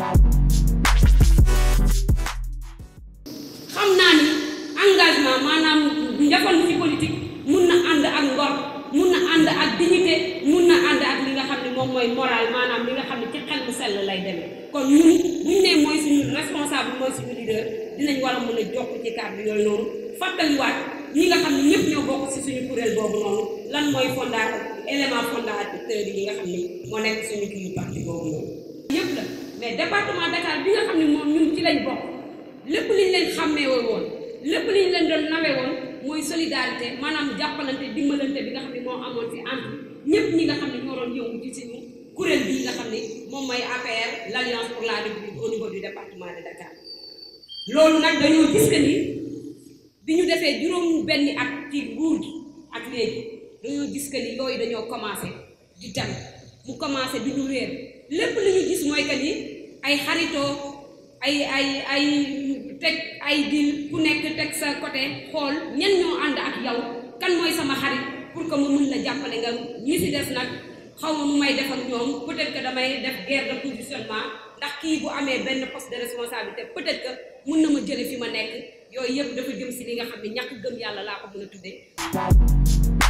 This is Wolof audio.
xam naa ni engagement maanaam njafal ci politique mun na ànd ak ngor mun na ànd ak dignité mun na ànd ak li nga xam ne moom mooy moral maanaam li nga xam ne ci xel bu sell lay demee kon ñun ne mooy suñu responsable mooy suñu leader dinañ war a a jokk ci kàddu yooyu noonu fàttaliwaat ñi nga xam ne ñëpp ñoo bokk ci suñu kuréel boobu noonu lan mooy fondateur élément fondateur yi nga xam ne moo nekk suñu kii parti boobu noonu ñëpp la mais département Dakar bi nga xam ne moom ñun ci lañ bokk lépp liñ leen xàmmeewoo woon lépp liñ leen doon nawee woon mooy solidarité maanaam jàppalante dimbalante bi nga xam ne moo amoon fi ànd ñëpp ñi nga xam ne ñoo doon yëngu ci suñu kuréel moom may APR l'alliance pour la République au niveau du département de Dakar loolu nag dañoo gis que ni bi ñu defee juróom benni at ci nguur gi ak léegi dañoo gis que ni yooyu dañoo commencé di dem mu commencé di ñu réer lépp li gis mooy ay xaritoo ay ay ay teg ay dil ku nekk teg sa côté xool ñen ñoo ànd ak yow kan mooy sama xarit pour que mu mën la jàppale nga ñi si des nag xaw ma mu may def ak ñoom peut-être que damay def guerre de positionnement ndax kii bu amee benn poste de responsabilité peut-être que mën na ma jële fi ma nekk yooyu yëpp dafa jëm si li nga xam ne ñaq gëm yàlla laa ko mën a